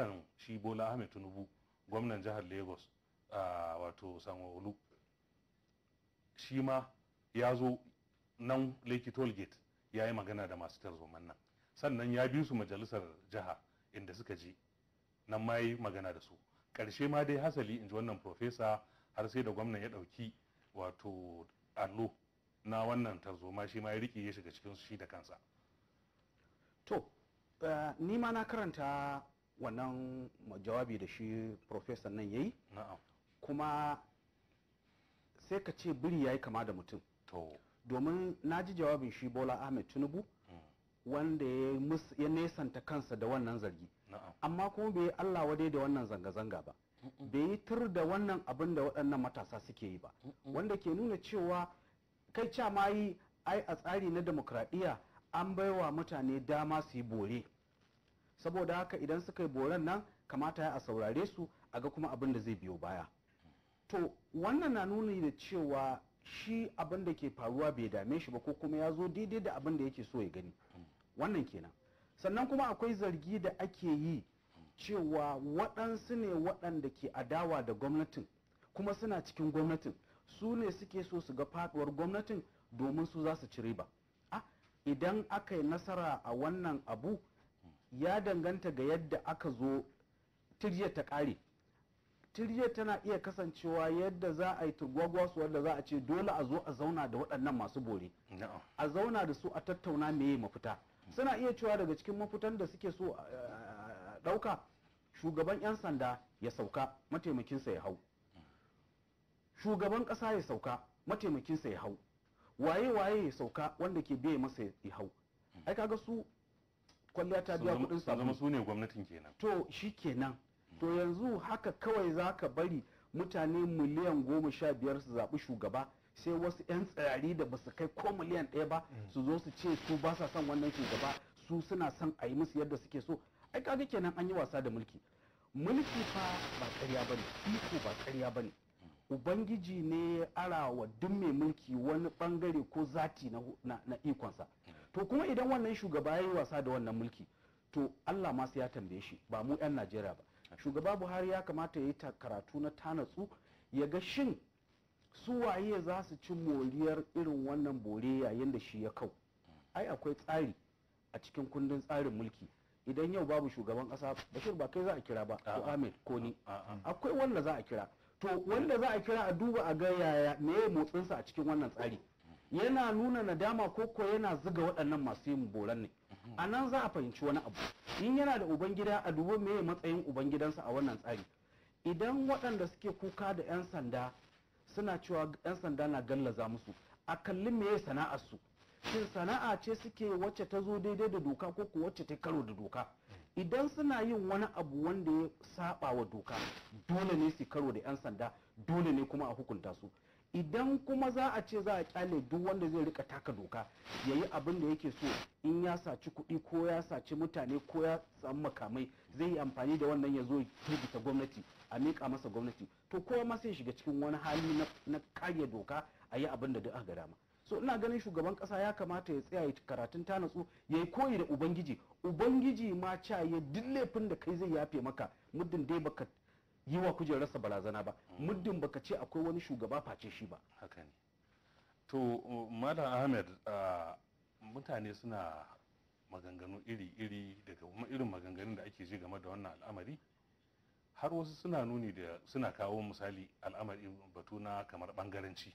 kan shi bola ahmed tinubu gwamnan jihar lagos a wato sanwa-olu shi ma ya zo nan lake toll gate ya yi magana da masu tarzoman nan sannan ya bi su majalisar jiha inda suka je nan ma yi magana da su ƙarshe ma dai hasali in ji wannan profesa har sai da gwamnan ya ɗauki wato allo na wannan tarzoma shi ma ya riƙe ya shiga cikin shi da kansa to eh, ni ma na karanta wannan jawabi da shi professor nan ya yi kuma sai ka ce biri ya yi kama da mutum domin na ji jawabin shi bola ahmed tinubu hmm. wanda ya nesanta kansa da wannan zargi amma kuma bai allah wadai da wannan zanga-zanga ba bai yi tur da wannan abin da waɗannan matasa suke yi ba wanda ke nuna cewa kai ca ma yi ai a tsari na demokradiyya an baiwa mutane dama su yi bore saboda haka idan suka yi boran nan kamata ya a saurare su a ga kuma abin da zai biyo baya to wannan na nuni da cewa shi abin da ke faruwa bai dame shi ba ko kuma ya zo daidai da abin da yake so ya gani wannan kenan sannan kuma akwai zargi da ake yi cewa waɗansu ne waɗanda ke adawa da gwamnatin kuma suna cikin gwamnatin su ne suke so su ga faduwar gwamnatin domin su za su ci riba idan aka yi nasara a wannan abu ya danganta ga yadda aka zo tirya ta kare tiryar tana iya kasancewa yadda za a yi turgwagwasu wadda za a ce dole a zo a zauna da waɗannan masu bore a zauna da su a tattauna me mafita suna iya cewa daga cikin mafitan da suke so a ɗauka shugaban 'yan sanda ya sauka mataimakinsa ya hau shugaban ƙasa ya sauka mataimakinsa ya hau waye waye ya sauka wanda ke biye masa ya hau ai kaga su kwalliya ta biya kudin sabulu zama su ne gwamnatin kenan to shi kenan to yanzu haka kawai za ka bari mutane miliyan goma sha biyar su zaɓi shugaba sai wasu 'yan tsari da basu kai ko miliyan ɗaya ba su zo su ce su ba sa son wannan shugaba su suna son a yi musu yadda suke so ai kaga kenan an yi wasa da mulki mulki fa ba ƙarya bane iko ba ƙarya bane ubangiji ne arawa duk mai mulki wani bangare ko zati na ikonsa to kuma idan wannan shugaba ya yi wasa da wannan mulki to Allah ma masu ya tambaye shi ba mu 'yan Najeriya ba shugaba Buhari ya kamata ya yi karatu na tanatsu ya ga shin su waye za su ci moriyar irin wannan bore yayin da shi ya kau ai akwai tsari a cikin kundin tsarin mulki idan yau babu shugaban kasa bashir ba kai za a kira ba ko ahmed ko ni akwai wanda za a kira to wanda za a kira a duba a ga yaya me motsinsa a cikin wannan tsari yana nuna nadama ko ko yana zuga waɗannan masu yin boran ne a nan za a fahimci wani abu in yana da ubangida a dubo meye matsayin ubangidansa a wannan tsari idan waɗanda suke kuka da 'yan sanda suna cewa 'yan sanda na gallaza musu a kalli meye su shin sana'a ce suke wacce ta zo daidai da doka ko ko wacce ta karo da doka idan suna yin wani abu wanda ya saba wa doka dole ne su karo da 'yan sanda dole ne kuma a hukunta su idan kuma za a ce za a kyale duk wanda zai rika taka doka ya yi abin da yake so in ya saci kuɗi ko ya saci mutane ko ya samu makamai zai yi amfani da wannan ya zo ya gwamnati a miƙa masa gwamnati to kowa ma sai shiga cikin wani hali na karya doka a yi abin da duk aka dama so ina ganin shugaban kasa ya kamata ya tsaya ya karatun ta natsu ya yi koyi da ubangiji ubangiji ma ca ya duk laifin da kai zai yafe maka muddin dai baka yi wa kujerarsa barazana ba muddin baka ce akwai wani shugaba face shi ba haka ne to malam ahmed mutane suna maganganu iri-iri daga kuma irin maganganun da ake ji game da wannan al'amari har wasu suna nuni da suna kawo misali al'amari batu na kamar bangaranci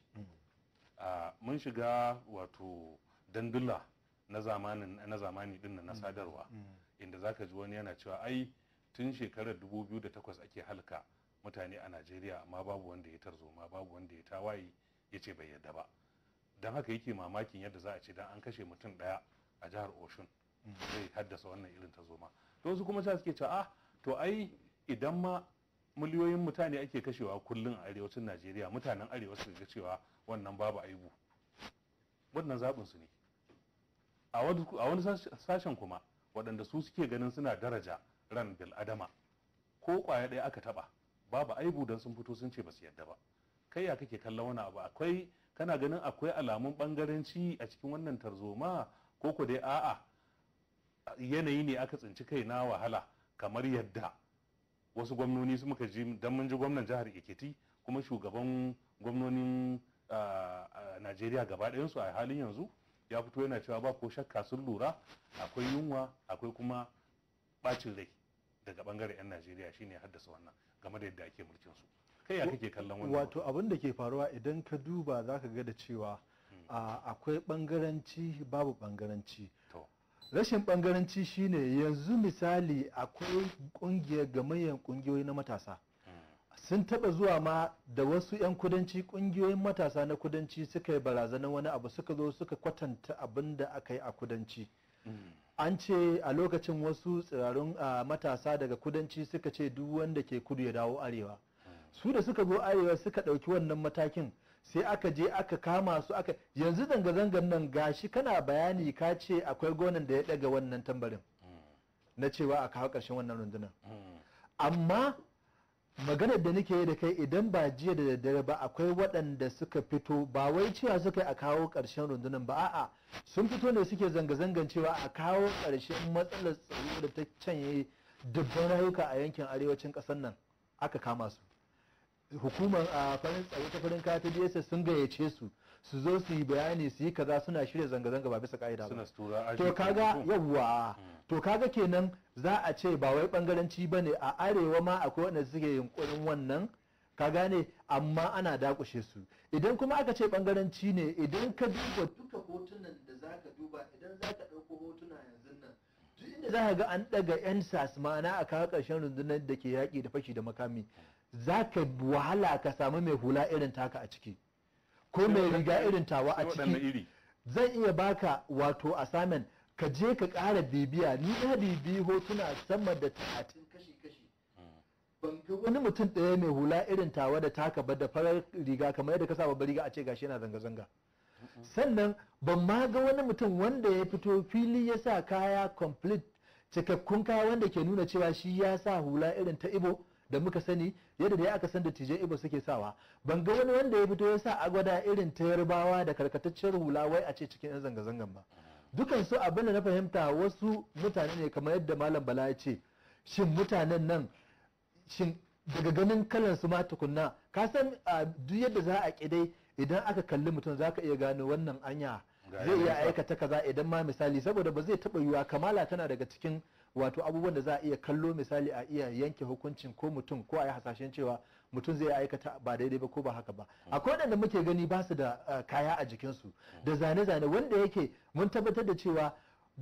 mun shiga wato dandula na zamani din na sadarwa mm. inda zaka ji wani yana cewa ai tun shekarar 2008 ake halka mutane a najeriya amma babu wanda ya tarzoma babu wanda ya tawaye ya ce bai yadda ba don haka yake mamakin yadda za a ce dan an kashe mutum daya a jihar oshun zai haddasa wannan irin ta tarzoma to wasu kuma suke cewa ah to ai idan ma miliyoyin mutane ake kashewa kullum a arewacin najeriya mutanen arewa su ga cewa wannan babu aibu wannan zaɓin su ne a wani sashen kuma waɗanda su suke ganin suna daraja ran bil adama ko kwaya ɗaya aka taba babu aibu dan sun fito sun ce ba su yadda ba kai ya kake kallon wani abu akwai kana ganin akwai alamun bangaranci a cikin wannan tarzoma ko ku dai a'a yanayi ne aka tsinci kai na wahala kamar yadda wasu gwamnoni su muka ji dan mun ji gwamnan jihar Ekiti kuma shugaban gwamnonin Najeriya gaba ɗayansu a halin yanzu ya fito yana cewa ba ko shakka sun lura akwai yunwa akwai kuma bacin rai daga bangaren 'yan najeriya shine haddasa wannan game da yadda ake mulkin su kai ya kake kallon wannan wato abin da ke faruwa idan ka duba zaka ga da cewa hmm. akwai bangaranci babu bangaranci rashin bangaranci shine yanzu misali akwai kungiyar gamayyar kungiyoyi na matasa hmm. sun taba zuwa ma da wasu 'yan kudanci kungiyoyin matasa na kudanci suka yi barazanar wani abu suka zo suka kwatanta abin da aka yi a kudanci hmm. an ce a lokacin wasu tsirarun matasa daga kudanci suka ce duk wanda ke kudu ya dawo arewa su da suka zo arewa suka ɗauki wannan matakin sai aka je aka kama su aka yanzu zanga-zangan nan gashi kana bayani ka ce akwai gonan da ya ɗaga wannan tambarin hmm. na cewa a kawo ƙarshen wannan rundunar hmm. amma maganar da nake da kai idan ba jiya da daddare ba akwai waɗanda suka fito ba wai cewa suka a kawo ƙarshen rundunar ba a'a sun fito ne suke zanga-zangan cewa a kawo ƙarshen matsalar tsaro da ta canye dubban rayuka a yankin arewacin ƙasar nan aka kama su hukumar a farin tsaro ta farin kata ta sun gayyace su su zo su yi bayani su yi kaza suna shirya zanga-zanga ba bisa ka'ida ba to kaga yawwa hmm. to kaga kenan za a ce ba wai bangaranci ba ne a arewa ma akwai wanda suke yunkurin wannan ka gane amma ana dakushe su idan kuma aka ce bangaranci ne idan ka duba duka hotunan da za ka duba idan za ka ɗauko hotuna yanzu nan duk inda za ka ga an ɗaga 'yan sas ma'ana a kawo ƙarshen rundunar da ke yaƙi da fashi da makami za ka wahala ka samu mai hula irin taka a ciki ko mai riga irin tawa a ciki zan iya baka wato asamen ka je ka ƙara bibiya ni na bibi hotuna sama da talatin kashi-kashi ban ga wani mutum ɗaya mai hula irin tawa da taka ba da farar riga kamar yadda ka sa babbar riga a ce gashi yana zanga-zanga sannan ban ma ga wani mutum wanda ya fito fili ya sa kaya complete cikakkun kaya wanda ke nuna cewa shi ya sa hula irin ta ibo da muka sani yadda da aka san da tijan ibo suke sawa ban ga wani wanda ya fito ya sa a gwada irin ta yarbawa da karkataccen hula wai a ce cikin yan zanga-zangan ba dukan su abin da na fahimta wasu mutane ne kamar yadda malam bala ya ce shin mutanen nan shin daga ganin kalan su ma tukunna ka san duk yadda za a kidai idan aka kalli mutum za ka iya gano wannan anya zai iya aikata kaza idan ma misali saboda ba zai taba yiwa kamala tana daga cikin wato abubuwan da za a iya kallo misali a iya yanke hukuncin ko mutum ko a yi hasashen cewa mutum zai aikata ba daidai ba ko ba haka ba mm. akwai waɗanda muke gani ba su da eh, kaya a jikinsu mm. da zane-zane wanda yake mun tabbatar da cewa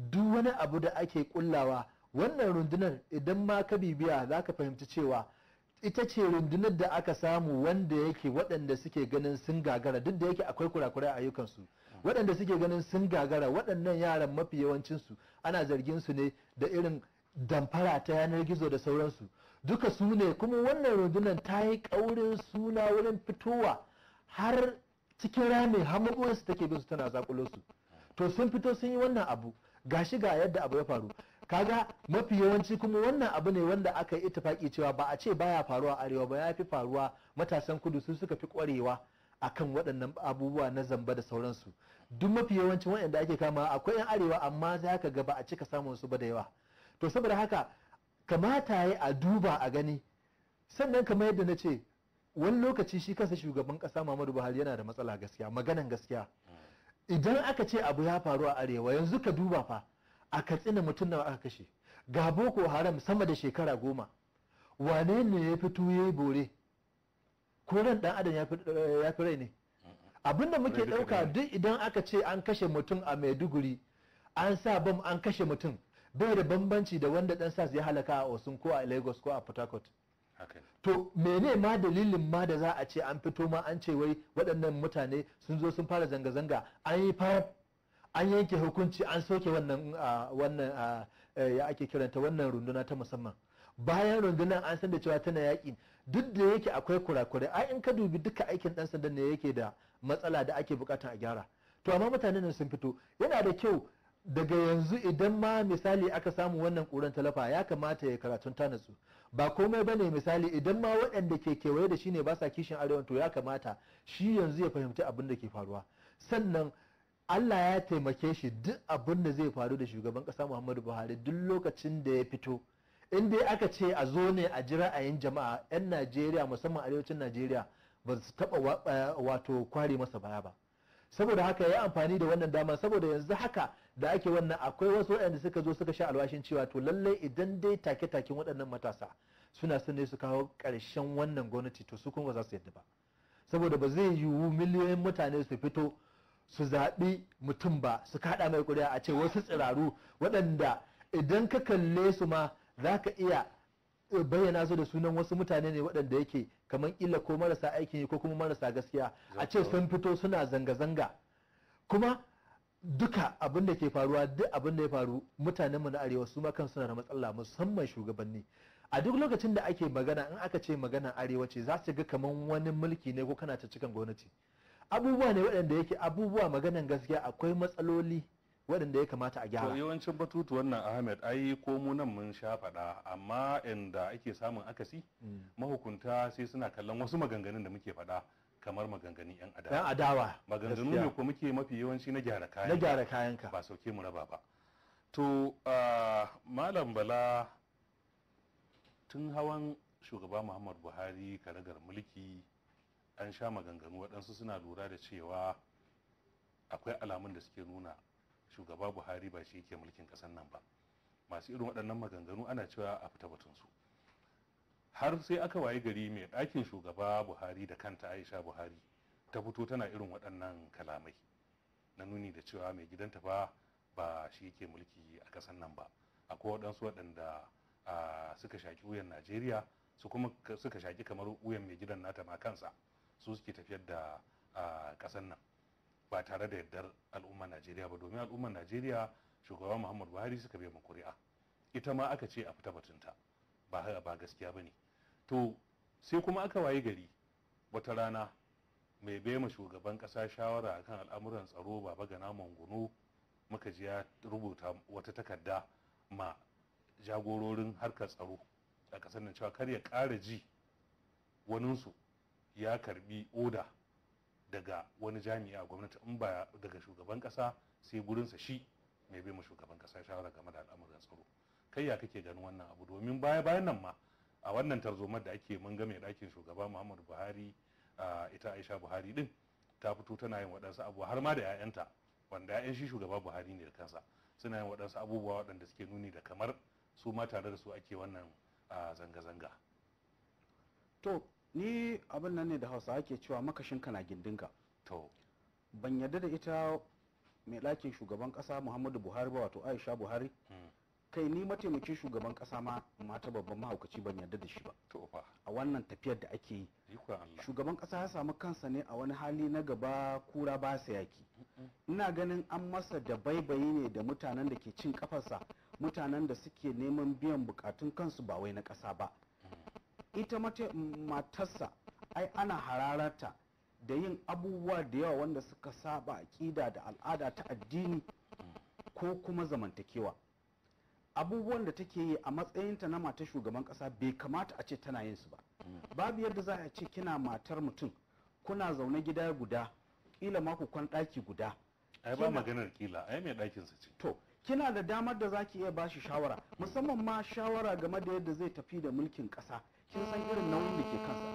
duk wani abu da ake kullawa wannan rundunar idan ma ka bibiya za ka fahimci cewa ita ce rundunar da aka samu wanda yake waɗanda suke ganin sun gagara duk da yake akwai kurakurai a ayyukansu waɗanda suke ganin sun gagara waɗannan yaran mafi yawancinsu ana zargin su ne da irin damfara ta yanar gizo da sauransu duka su ne kuma wannan rundunar ta yi ƙaurin suna wurin fitowa har cikin rami hamagoyinsu take bin su tana zakulo su to sun fito sun yi wannan abu ga shi ga yadda abu ya faru kaga mafi yawanci kuma wannan abu ne wanda aka yi itifaki cewa ba a ce baya faruwa arewa ba ya fi faruwa matasan kudu su suka fi kwarewa akan waɗannan abubuwa na zamba da sauransu duk mafi yawancin waɗanda ake kama akwai 'yan arewa amma za ka ga ba a cika samun su ba da yawa to saboda haka kamata ya a duba a gani sannan kamar yadda na ce wani lokaci shi kansa shugaban ƙasa muhammadu buhari yana da matsala gaskiya maganan gaskiya idan aka ce abu ya faru a arewa yanzu ka duba fa a katsina mutum nawa aka kashe ga boko haram sama da shekara goma wane ne ya fito ya yi bore ko ran dan adam ya fi rai ne abinda muke ɗauka duk idan aka ce an kashe mutum a maiduguri an sa bam an kashe mutum bai da bambanci da wanda dan sas ya halaka a osun ko a lagos ko a port harcourt to mene ma dalilin ma da za a ce an fito ma an ce wai waɗannan mutane sun zo sun fara zanga-zanga an yi fara an yanke hukunci an soke wannan wannan eh, ya ake kiranta wannan runduna ta musamman bayan rundunar an san da cewa tana yaƙi duk da yake akwai kurakurai ai in ka dubi duka aikin dan sanda ne yake da matsala da ake bukatan a gyara to amma mutanen nan sun fito yana da kyau daga yanzu idan ma misali aka samu wannan kuran talafa ya kamata ya karatun ta natsu ba komai bane misali idan ma waɗanda ke kewaye da shi ne ba sa kishin arewan to ya kamata shi yanzu ya fahimci abin da ke faruwa sannan Allah ya taimake shi duk abin da zai faru da shugaban ƙasa Muhammadu Buhari duk lokacin da ya fito in dai aka ce a zo ne a ji ra'ayin jama'a 'yan najeriya musamman arewacin najeriya ba su taba eh, wato kware masa baya ba saboda haka ya amfani da wannan dama saboda yanzu haka da ake wannan akwai wasu waɗanda suka zo suka sha alwashin cewa to lallai idan dai take-taken waɗannan matasa suna son ne su kawo ƙarshen wannan gwamnati to su kuma za su yadda ba saboda ba zai yiwu miliyoyin mutane su fito su zaɓi mutum ba su kaɗa mai ƙuri'a a ce wasu tsiraru waɗanda idan ka kalle su ma za ka iya eh, bayyana su da sunan wasu mutane ne waɗanda yake kamar illa ko marasa aikin yi ko kuma marasa gaskiya a ce sun fito suna zanga-zanga kuma duka abin da ke faruwa duk abin da ya faru mu na arewa su kan suna da matsala musamman shugabanni a duk lokacin da ake magana in aka ce magana arewa ce za su ga kamar wani mulki ne ko kana ta cikin gwamnati abubuwa ne waɗanda yake abubuwa maganan gaskiya akwai matsaloli waɗanda ya kamata a gyara. yawancin batutuwan nan ahmed ai ko mu nan mun sha faɗa amma inda ake samun akasi mm. mahukunta sai suna kallon wasu maganganun da muke faɗa kamar maganganun yan adawa. yan adawa maganganu ne ko muke mafi yawanci na gyara kayan na gyara kayan ka ba sauke mu raba ba to malam bala tun hawan shugaba muhammad buhari karagar mulki an sha maganganu waɗansu suna lura da cewa akwai alamun da suke nuna shugaba buhari ba shi yake mulkin kasan nan ba masu irin waɗannan maganganu ana cewa a fita batunsu har sai aka waye gari mai ɗakin shugaba buhari da kanta aisha buhari ta fito tana irin waɗannan kalamai na nuni da cewa mai gidanta ba ba shi yake mulki a ƙasar nan ba akwai waɗansu waɗanda suka shaƙi wuyan najeriya su kuma suka shaƙi kamar wuyan mai gidan nata ma kansa su suke tafiyar da ƙasar nan ba tare da yardar al'ummar najeriya ba domin al'ummar najeriya shugaban muhammadu buhari suka biya kuri'a ita ma aka ce a fita batunta ba ba gaskiya ba ne to sai kuma aka wayi gari wata rana mai bema shugaban ƙasa shawara akan al'amuran tsaro baba gana mangono muka ji ya rubuta wata takarda ma jagororin harkar tsaro a kasar nan cewa kar ya ƙara ji waninsu ya karbi oda daga wani jami'a a gwamnati in ba daga shugaban kasa sai gurinsa shi mai bai ma shugaban kasa ya shawara game da al'amuran tsaro kai ya kake ganin wannan abu domin baya bayan nan ma a wannan tarzoma da ake mun ga mai ɗakin shugaba muhammadu buhari ita aisha buhari din ta fito tana yin waɗansu abu har ma da 'ya'yanta wanda 'ya'yan shi shugaba buhari ne da kansa suna yin waɗansu abubuwa waɗanda suke nuni da kamar su ma tare da su ake wannan zanga-zanga to ni abin nan ne da hausa ake cewa makashin kana gindinka to ban yarda da ita mai ɗakin shugaban ƙasa muhammadu buhari ba wato aisha buhari hmm. kai ni mataimakin shugaban kasa ma mata babban mahaukaci ban yarda da shi ba a wannan tafiyar da ake yi shugaban ƙasa ya samu kansa ne a wani hali na gaba kura ba sa yaki ina ganin an masa da baibayi ne da mutanen da ke cin kafarsa mutanen da suke neman biyan bukatun kansu ba wai na ƙasa ba ita mace matarsa ai ana hararata da yin abubuwa da yawa wanda suka saba aƙida da al'ada ta addini ko kuma zamantakewa abubuwan da take yi a matsayinta na mata shugaban kasa bai kamata a ce tana yin su ba babu yadda za a ce kina matar mutum kuna zaune gida guda kila maku kwan ɗaki guda ai ba maganar kila ai mai ɗakin su ce to kina da damar da zaki iya bashi shawara musamman ma shawara game da yadda zai tafi da mulkin ƙasa. kin san irin nauyin da ke kansa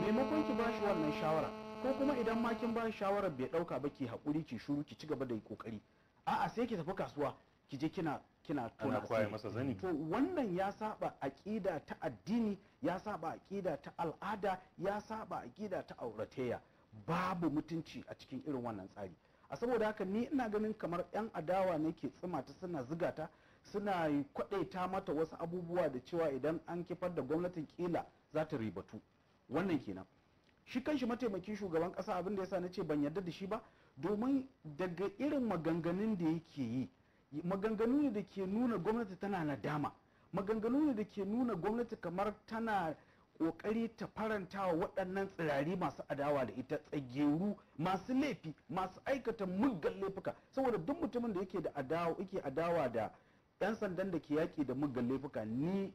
maimakon ki bashi wannan shawara ko kuma idan ma kin bashi shawarar bai dauka ba ki hakuri ki shuru ki ci gaba da kokari a'a sai ki tafi kasuwa ki je kina kina tona kwaye masa zani to wannan ya saba aqida ta addini ya saba aqida ta al'ada ya saba aqida ta auratayya babu mutunci a cikin irin wannan tsari a saboda haka ni ina ganin kamar yan adawa ne ke tsima ta suna ziga ta suna kwadaita mata wasu abubuwa da cewa idan an kifar da gwamnatin kila za ta ribatu wannan kenan shi kanshi mataimakin shugaban ƙasa abin da yasa na ce ban yarda da shi ba domin daga irin maganganun da yake yi maganganu ne da ke nuna gwamnati tana nadama maganganu ne da ke nuna gwamnati kamar tana kokari ta faranta wa waɗannan tsirari masu adawa da ita tsageru masu laifi masu aikata muggan laifuka saboda duk mutumin da yake da yake adawa da Yan sandan da ke yaƙi da muggan laifuka ni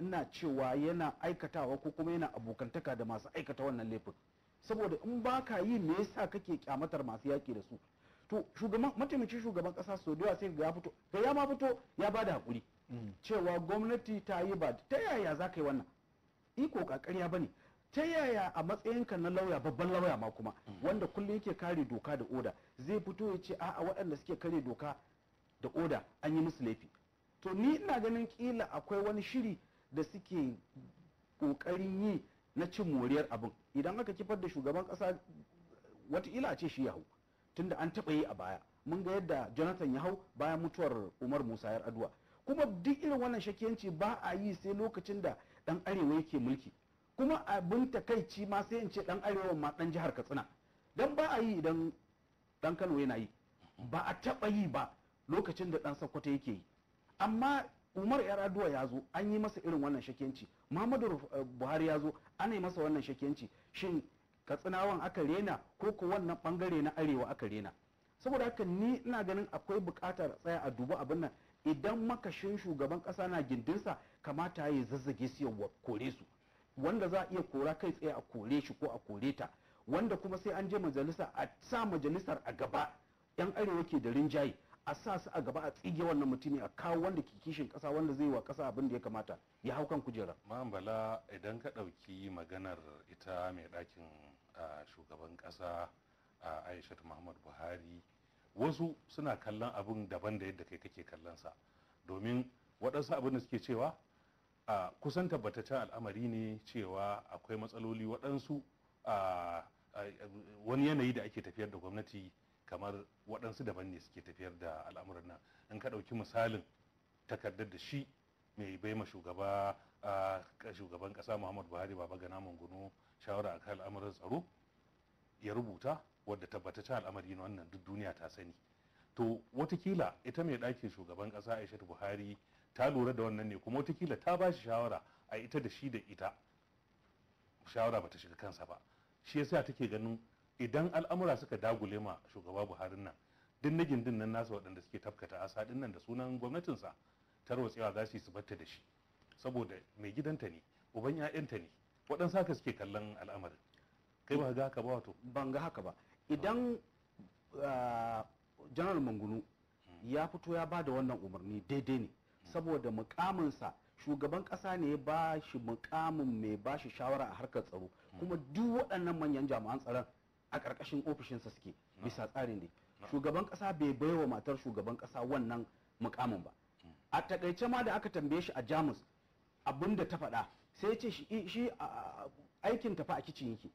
ina cewa yana aikatawa ko kuma yana abokantaka da masu aikata wannan laifin saboda in ba ka yi me yasa kake kyamatar masu yaƙi da su to shugaban mataimakin shugaban ƙasa sau da sai ga ya fito ga ya ma fito ya ba da haƙuri mm. cewa gwamnati ta yi ba ta yaya za ka yi wannan iko ƙaƙarya ba ne ta yaya a matsayinka na lauya babban lauya ma kuma mm. wanda kullum yake kare doka da oda zai fito ya ce a'a waɗanda suke kare doka da oda an yi musu laifi to ni ina ganin kila akwai wani shiri da suke kokarin yi na cin moriyar abin idan aka kifar da shugaban kasa watakila a ce shi ya hau tunda an taɓa yi a baya mun ga yadda jonathan ya hau bayan mutuwar umar musa yar aduwa kuma duk irin wannan shakiyanci ba a yi sai lokacin da dan arewa yake mulki kuma abin takaici ma sai in ce dan arewa ma dan jihar katsina dan ba a yi idan dan kano yana yi ba a taɓa yi ba lokacin da dan sakkwato yake yi amma umar yaraduwa ya zo an yi masa irin wannan shakenci muhammadu eh, buhari ya zo ana yi masa wannan shakenci shin katsinawan aka rena ko ko wannan bangare na arewa aka rena saboda haka ni ina ganin akwai bukatar tsaya a duba abin nan idan makashin shugaban kasa na gindinsa kamata ya zazzage su ya kore su wanda za a iya kora kai tsaye a kore shi ko a kore ta wanda kuma sai an je majalisa a sa majalisar a gaba yan arewa ke da rinjaye a sa su a gaba a tsige wannan mutumin a kawo wanda ke kishin kasa wanda zai wa kasa abin da ya kamata ya hau kan kujera ma'am idan ka ɗauki maganar ita mai ɗakin shugaban ƙasa a aishatu muhammad buhari wasu suna kallon abin daban da yadda kai kake kallon sa domin waɗansu abin da suke cewa a kusan tabbataccen al'amari ne cewa akwai matsaloli waɗansu a wani yanayi da ake tafiyar da gwamnati kamar waɗansu daban ne suke tafiyar da al'amuran nan in ka ɗauki misalin takardar da shi mai bai ma shugaban ƙasa muhammadu buhari baba gana mangono shawara akan al'amuran tsaro ya rubuta wadda tabbataccen al'amari na wannan duk duniya ta sani to watakila ita mai ɗakin shugaban ƙasa aishatu buhari ta lura da wannan ne kuma watakila ta ba shi shawara a ita da shi da ita shawara bata shiga kansa ba shi yasa take ganin idan al'amura suka dagule ma shugaba buhari nan duk na gindin nan nasa waɗanda suke tafkata asa din nan da sunan gwamnatinsa tarwatsewa za su yi su batta da shi saboda mai gidanta ne uban 'ya'yanta ne waɗansu haka suke kallon al'amarin kai ba ga haka ba wato ban ga haka ba idan Janaral ah, mangunu hmm. ya fito ya ba da wannan umarni daidai ne hmm. saboda mukaminsa shugaban ƙasa ne ya ba shi mukamin mai ba shi shawara a harkar tsaro hmm. kuma duk waɗannan manyan jami'an tsaron a ƙarƙashin ofishinsa suke bisa tsarin dai shugaban ƙasa bai baiwa matar shugaban ƙasa wannan mukamin ba hmm. a takaice ma da aka tambaye shi a jamus abin da ta faɗa sai ce shi aikin tafi a kicin yake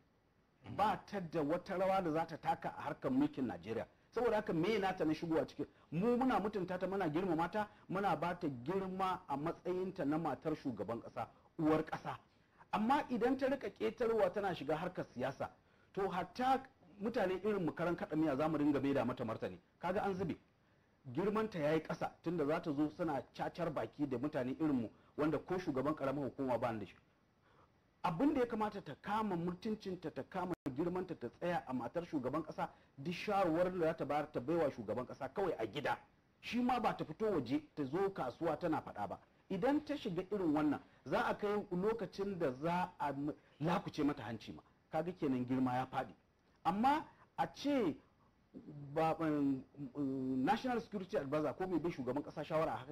hmm. ba ta da wata rawa da za ta taka a harkar mulkin najeriya saboda haka me nata na shigowa cikin mu muna mutunta ta muna girmama ta muna ba ta girma a matsayinta na matar shugaban ƙasa uwar ƙasa amma idan ta rika ƙetarwa tana shiga harkar siyasa to hatta mutane irin mu karan kaɗa miya za mu ringa da mata martani kaga an zube girmanta ya yi ƙasa tunda za ta zo suna cacar baki da mutane irin mu wanda ko shugaban ƙaramar hukuma ba da shi abin da ya kamata ta kama mutuncinta ta kama girmanta ta tsaya a matar shugaban kasa, duk shawarwar da za ta bayar ta baiwa shugaban ƙasa kawai a gida shi ma ba ta fito waje ta zo kasuwa tana faɗa ba idan ta shiga irin wannan za a kai lokacin da za a lakuce mata hanci ma kaga kenan girma ya faɗi amma a ce um, um, national security advisor ko mai bai shugaban kasa shawara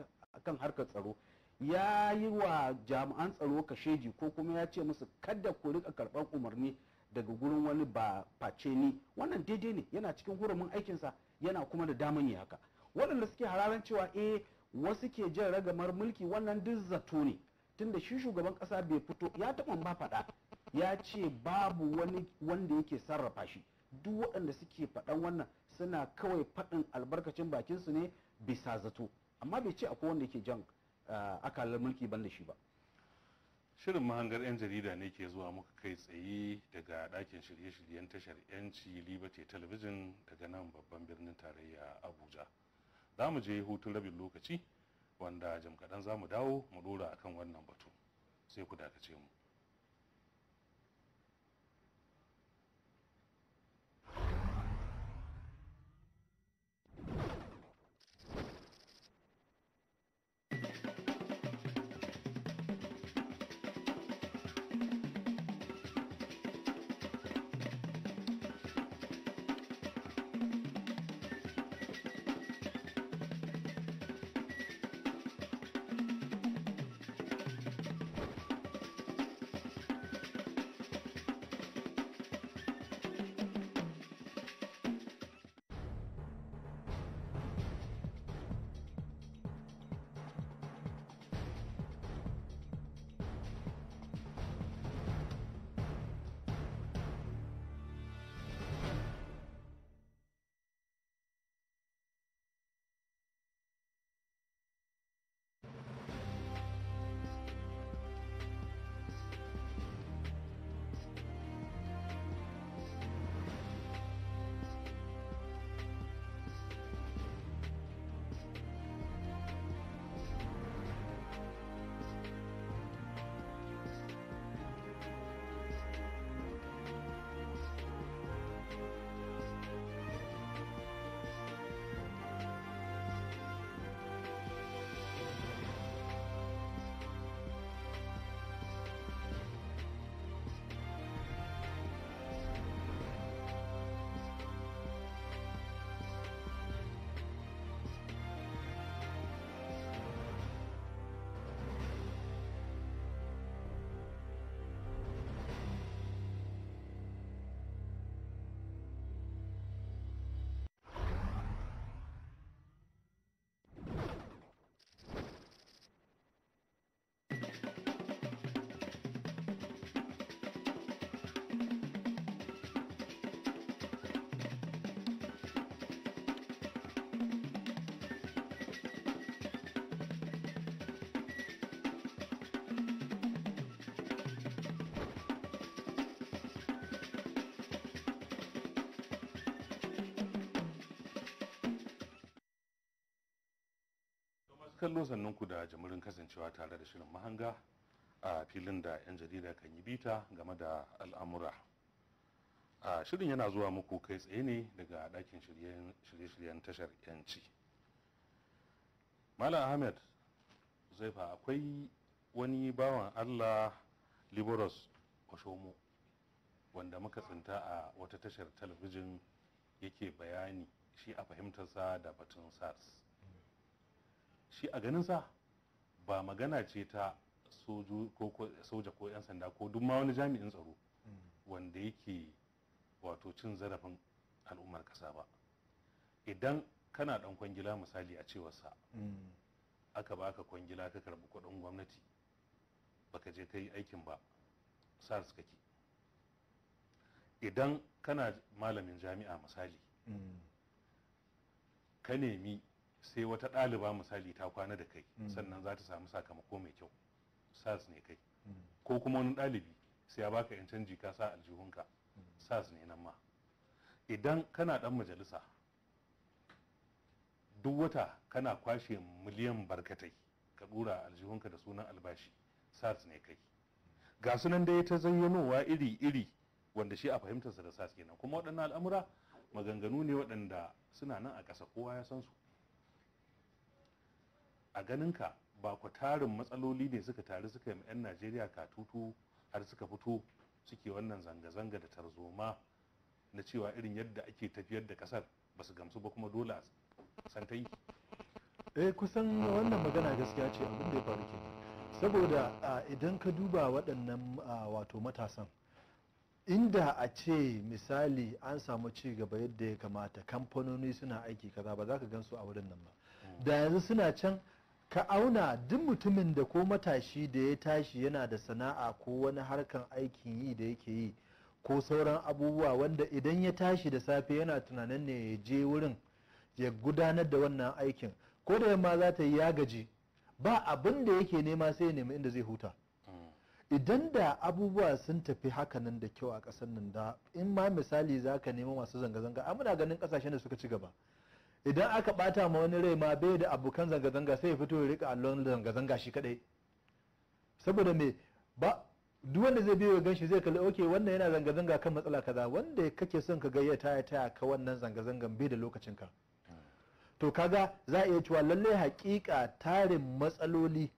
kan harkar tsaro ya yi wa jami'an tsaro kasheji ko kuma ya ce musu kada ku rika karɓar umarni daga gurin wani ba face ni wannan daidai ne yana cikin hurumin aikinsa yana kuma da daman yi haka waɗanda suke hararan cewa eh wasu ke jan ragamar mulki wannan duk zato ne tunda shi shugaban kasa bai fito ya taɓa ba faɗa ya ce babu wani wanda yake sarrafa shi duk waɗanda suke faɗan wannan suna kawai faɗin albarkacin bakinsu ne bisa zato amma bai ce akwai wanda yake jan ah, akalar mulki ban da shi ba shirin mahangar 'yan jarida ne ke zuwa muka kai tsaye daga ɗakin shirye-shiryen tashar 'yanci liberty television daga nan babban birnin tarayya abuja za mu je hutun rabin lokaci wanda jam kaɗan za mu dawo mu ɗora akan wannan batu sai ku dakace mu kallo sannan ku da jamurin kasancewa tare da shirin mahanga a filin da 'yan jarida kan yi bita game da al'amura a shirin yana zuwa muku kai tsaye ne daga dakin shirye-shiryen tashar yanci malam ahmed zaifa akwai wani bawan allah liberos oshomo wanda muka tsinta a wata tashar talabijin yake bayani shi a fahimtarsa da batun sars shi a ganin sa ba magana ce ta soja ko 'yan sanda ko duk ma wani jami'in tsaro wanda yake wato cin zarafin al'ummar kasa ba idan kana ɗan kwangila misali a cewarsa aka ba ka kwangila ka karbi kuɗin gwamnati baka je ka yi aikin ba sars kake idan kana malamin jami'a misali ka nemi sai wata ɗaliba misali ta kwana da kai mm. sannan za ta samu sakamako mai kyau sas ne kai mm. ko kuma wani ɗalibi sai ya baka yan canji ka sa aljihunka mm. sas ne nan ma idan kana ɗan majalisa duk wata kana kwashe miliyan barkatai ka ɗura aljihunka da sunan albashi sas ne kai ga sunan dai ta zayyanowa iri-iri wanda shi a fahimtarsa da sas kenan kuma waɗannan al'amura maganganu ne waɗanda suna nan a ƙasa kowa ya san su a ganinka ba ku tarin matsaloli ne suka taru suka yi 'yan najeriya katutu har suka fito suke wannan zanga-zanga da tarzoma na cewa irin yadda ake tafiyar da kasar ba su gamsu ba kuma dole a yi eh kusan wannan magana gaskiya ce abin da ya faru ke saboda idan ka duba waɗannan wato matasan inda a ce misali an samu ci gaba yadda ya kamata kamfanoni suna aiki kaza ba za ka gan su a wurin nan ba da yanzu suna can ka auna duk mutumin da ko matashi da ya tashi yana da sana'a ko wani harkan aikin yi da yake yi ko sauran abubuwa wanda idan ya tashi da safe yana tunanin ne ya je wurin ya gudanar da wannan aikin ko da yamma za ta yi ya gaji ba abin da yake nema sai ya nemi inda zai huta mm. idan da abubuwa sun tafi hakanan da kyau a ƙasar nan da in ma misali za ka nemi masu zanga-zanga a muna ganin ƙasashen da suka ci gaba idan aka bata ma wani rai ma bai da abokan zanga-zanga sai ya fito ya rika allon zanga-zanga shi kadai saboda me ba duk wanda zai biyo ganshi zai kalli okay wannan yana zanga-zanga kan matsala kaza wanda kake son ka gayyata ya taya ka wannan zanga-zangan bai da lokacin ka to kaga za a iya cewa lallai hakika tarin matsaloli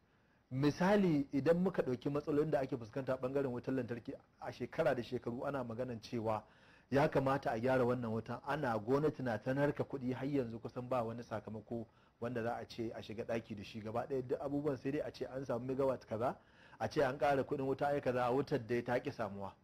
misali idan muka ɗauki matsalolin da ake fuskanta bangaren wutar lantarki a shekara da shekaru ana maganan cewa ya kamata a gyara wannan wutan ana gwamnati na ta narka kuɗi har yanzu kusan ba wani sakamako wanda za a ce a shiga ɗaki da shi gaba ɗaya duk abubuwan sai dai a ce an samu megawatt kaza a ce an ƙara kuɗin wuta ai kaza wutar da ta ki samuwa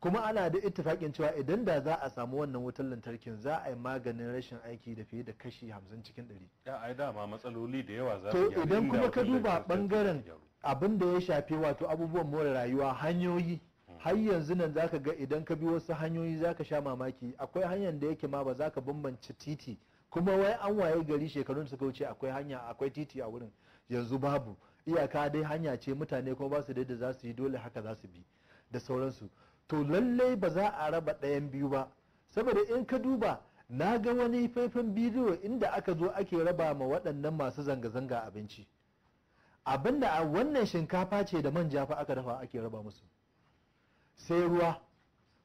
kuma ana da ittifaƙin cewa idan da za a samu wannan wutar lantarkin za a yi maganin rashin aiki da fiye da kashi hamsin cikin ɗari. da ai matsaloli da yawa za to idan kuma ka duba ɓangaren abin da ya shafi wato abubuwan more rayuwa hanyoyi har yanzu nan zaka ga idan ka bi wasu hanyoyi zaka sha mamaki akwai hanyar da yake ma ba zaka bambance titi kuma wai an waye gari shekarun suka wuce akwai hanya akwai titi a wurin yanzu babu iyaka dai hanya ce mutane kuma ba su da za su yi dole haka za su bi da sauransu to lallai ba za a raba ɗayan biyu ba saboda in ka duba na ga wani faifan bidiyo inda aka zo ake raba ma waɗannan masu zanga-zanga abinci abinda a wannan shinkafa ce da manja fa aka dafa ake raba musu sai ruwa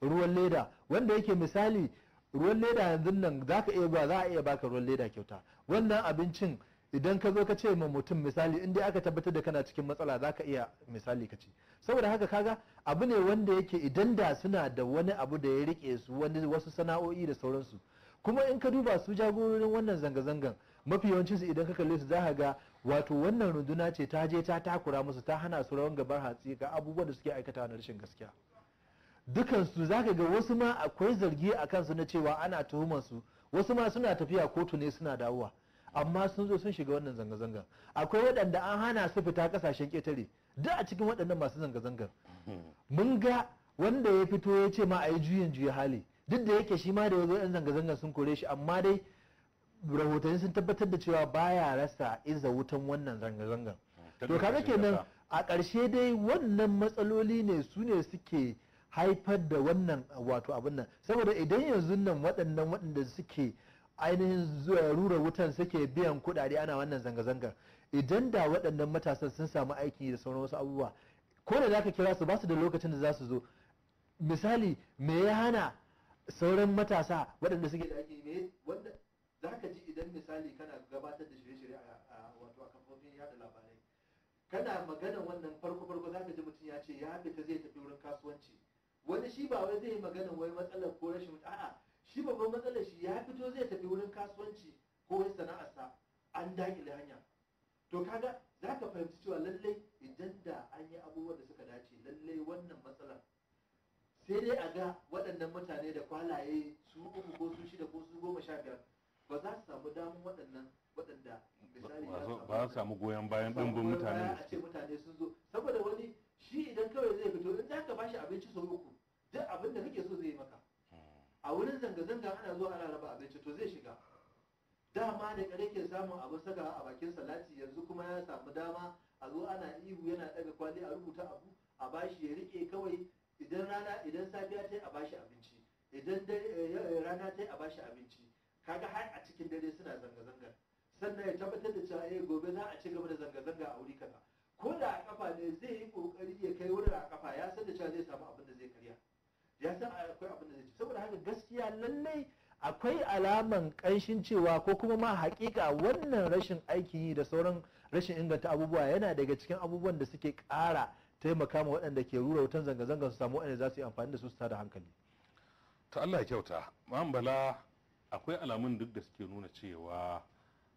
ruwan leda wanda yake misali ruwan leda yanzu nan za ka iya za a iya baka ruwan leda kyauta wannan abincin idan ka zo ka ce ma mutum misali inda aka tabbatar da kana cikin matsala za ka iya misali ka ce saboda haka kaga abu ne wanda yake idan da suna da wani abu da ya rike su wani wasu sana'o'i da sauransu kuma in ka duba su jagororin wannan zanga-zangan mafi yawancinsu idan ka kalle su za ka ga wato wannan runduna ce ta je ta takura musu ta hana su rawan gabar hatsi ga abubuwan da suke aikata na rashin gaskiya dukansu za ka ga wasu ma akwai zargi a kansu na cewa ana tuhumar su wasu ma suna tafiya kotu ne suna dawowa amma sun zo sun shiga wannan zanga-zangar akwai waɗanda an hana su fita kasashen ƙetare duk a cikin waɗannan masu zanga-zangar mun ga wanda ya fito ya ce ma a yi juyin juya hali duk da yake shi ma da ya zo zanga-zangar sun kore shi amma dai rahotanni sun tabbatar da cewa baya rasa iza wutan wannan zanga-zangar to kaga kenan a ƙarshe dai wannan matsaloli ne su ne suke haifar da wannan wato abin nan saboda idan yanzu nan waɗannan waɗanda suke ainihin zuwa rura wutan suke biyan kuɗaɗe ana wannan zanga-zangar idan da waɗannan matasan sun samu aiki da sauran wasu abubuwa ko da za ka kira su ba su da lokacin da za su zo misali me ya hana sauran matasa waɗanda suke da aiki me wanda za ka ji idan misali kana gabatar da shirye-shirye a wato a kafofin yada labarai kana magana wannan farko-farko za ka ji mutum ya ce ya fita zai tafi wurin kasuwanci wani shi ba wai zai yi magana wai matsalar ko rashin a'a shi babban matsalar shi ya fito zai tafi wurin kasuwanci ko wai sana'arsa an dakile hanya to kaga za ka fahimci cewa lallai idan da an yi abubuwan da suka dace lallai wannan matsalar sai dai a ga waɗannan mutane da kwalaye su uku ko su shida ko su goma sha biyar ba za su samu damun waɗannan waɗanda misali ba za samu goyon bayan ɗumbin mutane da suke mutane sun zo saboda wani shi idan kawai zai fito in za ka bashi abinci sau uku duk abin da kake so zai yi maka a wurin zanga-zanga ana zuwa ana raba abinci to zai shiga dama da kare ke samun abin saka a bakin salati yanzu kuma ya samu dama a zo ana ihu yana daga kwali a rubuta abu a bashi ya rike kawai idan rana idan safiya ta a bashi abinci idan eh, rana ta a bashi abinci kaga har a cikin dare suna zanga-zangar sannan ya tabbatar da cewa eh gobe za a ci gaba da zanga-zanga a wuri kaza ko da a kafa ne zai yi kokari ya kai wurin a kafa ya san da cewa zai samu abin da zai karya ya san akwai abin da zai ci saboda haka gaskiya lallai akwai alaman ƙanshin cewa ko kuma ma haƙiƙa wannan rashin aikin yi da sauran rashin inganta abubuwa yana daga cikin abubuwan da suke ƙara taimaka ma waɗanda ke rura wutan zanga-zanga su samu waɗanda za su yi amfani da su su tada hankali Ta Allah kyauta ma'am bala akwai alamun duk da suke nuna cewa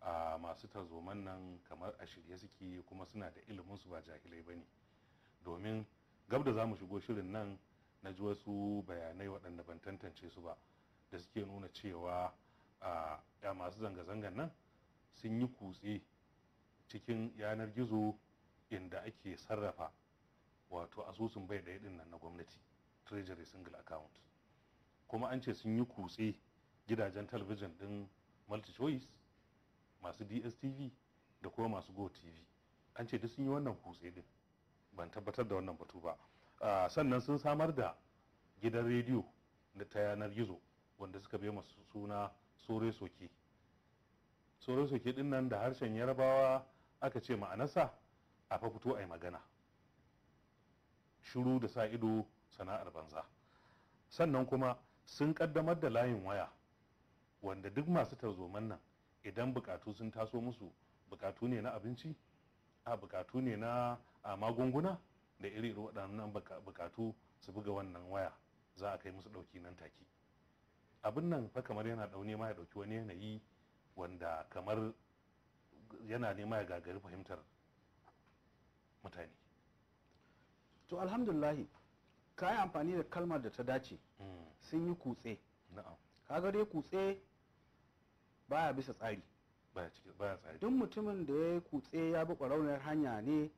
a masu tarzoman nan kamar a shirye suke kuma suna da ilimin su ba jahilai bane domin gab da za mu shigo shirin nan na ji wasu bayanai waɗanda ban tantance su ba da suke nuna cewa a masu zanga-zangan nan sun yi kutse cikin yanar gizo inda ake sarrafa wato asusun bai ɗaya ɗin nan na gwamnati treasury single account kuma an ce sun yi kutse gidajen talabijin ɗin multi-choice masu dstv da kuma masu go tv an ce duk sun yi wannan kutse ɗin ban tabbatar da wannan batu ba Ah, sannan sun samar da gidan rediyo da ta yanar gizo wanda suka bai masu suna sore soke sore soke din nan da harshen yarabawa aka ce ma'anarsa a fa fito a yi magana shiru da sa ido sana'ar banza sannan kuma sun kaddamar da layin waya wanda duk masu tarzoman nan idan bukatu sun taso musu bukatu ne na abinci a bukatu ne na magunguna da iri irin waɗannan bukatu su buga wannan waya za a kai musu ɗauki nan take abin nan fa kamar yana ɗaune ma ya ɗauki wani yanayi wanda kamar yana nema ya gagari fahimtar mutane to alhamdulahi ka yi amfani da kalmar da ta dace hmm. sun yi kutse kaga dai kutse baya bisa tsari duk mutumin da ya yi kutse ya bi ƙwararriyar hanya ne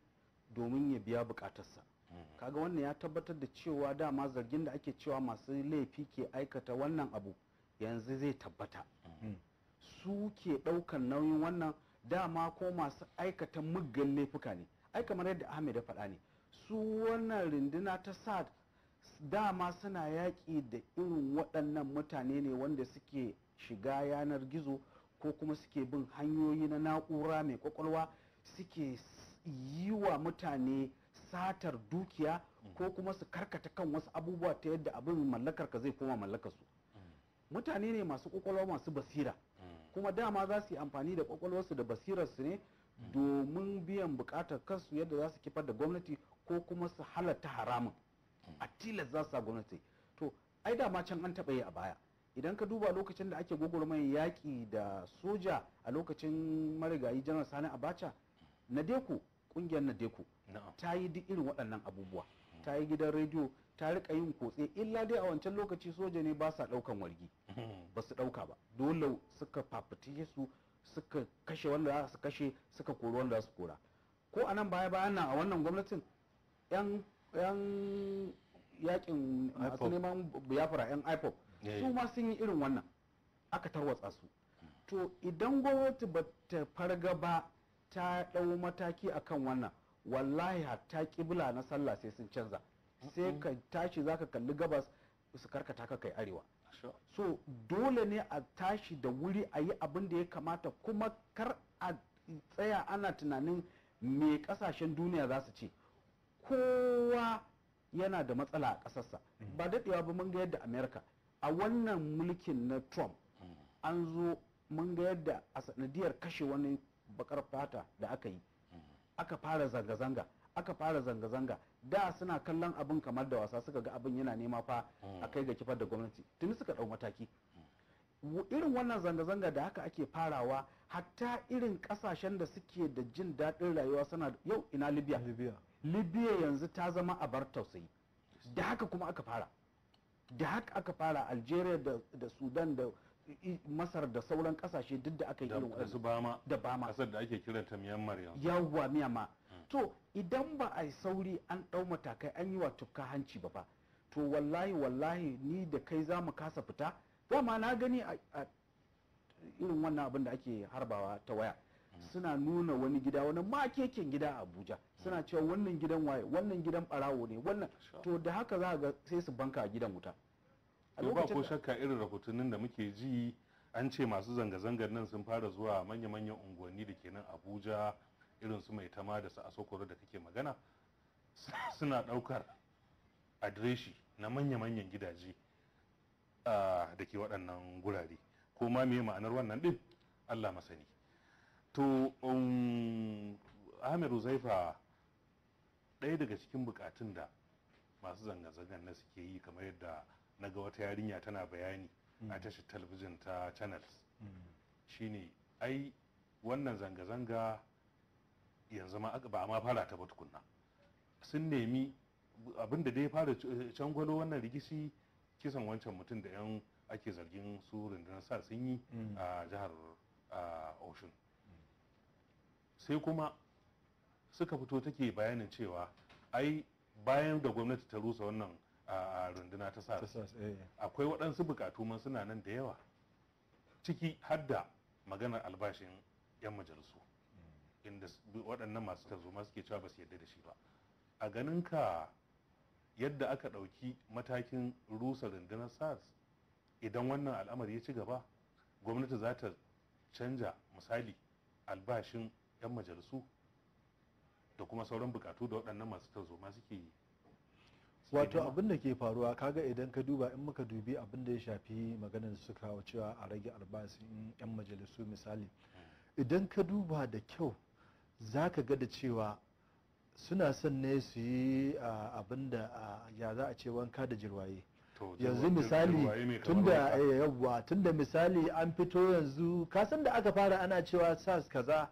domin ya biya bukatarsa hmm. kaga wannan ya tabbatar da cewa dama zargin da ake cewa masu laifi ke aikata wannan abu yanzu zai tabbata hmm. su ke ɗaukan nauyin wannan dama ko masu aikata muggan laifuka ne ai kamar yadda ahmed ya faɗa ne su wannan rinduna ta sa dama suna yaƙi da irin waɗannan mutane ne wanda suke shiga yanar gizo ko kuma suke bin hanyoyi na na'ura mai kwakwalwa suke yi wa mutane satar dukiya ko kuma su karkata kan wasu abubuwa ta yadda abin mallakar ka zai koma mallakar su mutane ne masu kwakwalwa masu basira kuma dama za su yi amfani da kwakwalwarsu da basirarsu ne domin biyan bukatar kansu yadda za su kifar da gwamnati ko kuma su halatta haramun a tilas za su gwamnati to ai dama can an taɓa yi a baya idan ka duba lokacin da ake gwagwarmayin yaƙi da soja a lokacin marigayi janar sani abacha na deku kungiyar Nadeko ta yi duk irin waɗannan abubuwa ta yi gidan rediyo ta rika yin kotse illa dai a wancan lokaci soja ne ba sa ɗaukan wargi ba su ɗauka ba dole suka fafutuke su suka kashe wanda za su kashe suka kori wanda za su kora ko a nan baya bayan nan a wannan gwamnatin yan yan yakin masu neman biyafara yan ipop eh. su ma sun yi irin wannan aka tarwatsa su to idan gwamnati ba ta farga ba ta ɗau mataki akan wannan wallahi hatta kibla na sallah sai sun canza sai ka tashi zaka kalli gabas su karkata ka kai arewa so dole ne a tashi da wuri a yi abin da ya kamata kuma kar a tsaya ana tunanin me kasashen duniya za su ce kowa yana da matsala a ƙasarsa mm. ba daɗewa ba mun ga yadda america a wannan mulkin na trump mm. an zo mun ga yadda a sanadiyar kashe wani bakar fata da aka yi aka fara zanga-zanga aka fara zanga-zanga da suna kallon abin kamar da wasa suka ga abin yana nema fa a kai ga kifar da gwamnati tuni suka ɗau mataki irin wannan zanga-zanga da haka ake farawa hatta irin kasashen da suke da jin daɗin rayuwa suna yau ina libya libya yanzu ta zama a bar tausayi da haka kuma aka fara da haka aka fara algeria da sudan da masar da sauran kasashe duk da aka yi irin waɗansu da bama kasar da ake ta myanmar yanzu yawwa myanmar hmm. to idan ba a sauri an ɗau matakai an yi wa tufka hanci ba fa to wallahi wallahi ni da kai za mu kasa fita dama na gani a irin wannan abin da ake harbawa ta waya hmm. suna nuna wani gida wani makeken gida a abuja suna hmm. cewa wannan gidan waye wannan gidan barawo ne wannan to da haka za ga sai su banka a gidan wuta to ba ko shakka irin rahotannin da muke ji an ce masu zanga-zangar nan sun fara zuwa manya-manyan unguwanni da ke nan abuja irin su mai tama da su a sokoro da kake magana suna daukar adireshi na manya-manyan gidaje da ke waɗannan gurare ko ma me ma'anar wannan ɗin allah masani to um, ahmed zaifa ɗaya daga cikin bukatun da masu zanga-zangar na suke yi kamar yadda na ga wata yarinya tana bayani mm. a tashar talabijin ta channels mm. shine ai wannan zanga-zanga yanzu ma ba ma fara ta ba tukunna sun nemi abinda dai fara eh, cangwalo wannan rikici kisan wancan mutum da yan ake zargin su rundunar sa sun yi mm. a jihar ocean sai kuma suka fito take bayanin cewa ai bayan da gwamnati ta rusa wannan a runduna ta sars eh. akwai waɗansu bukatu man suna nan da yawa ciki hadda maganar albashin 'yan majalisu hmm. inda waɗannan masu tarzoma suke cewa ba su yarda da shi ba a ganin ka yadda aka ɗauki matakin rusa rundunar sars idan wannan al'amari ya ci gaba gwamnati za ta canja misali albashin 'yan majalisu da kuma sauran bukatu da waɗannan masu tarzoma suke yi wato abin da ke faruwa kaga idan ka duba in muka dubi abin da ya shafi maganar suka kawo cewa a rage albashin yan majalisu misali hmm. idan ka duba da kyau za ka ga da cewa suna son ne su yi abin da ya za a ce wanka da jirwaye yanzu misali tunda eh, yawwa tunda misali an fito yanzu kasan da aka fara ana cewa sas kaza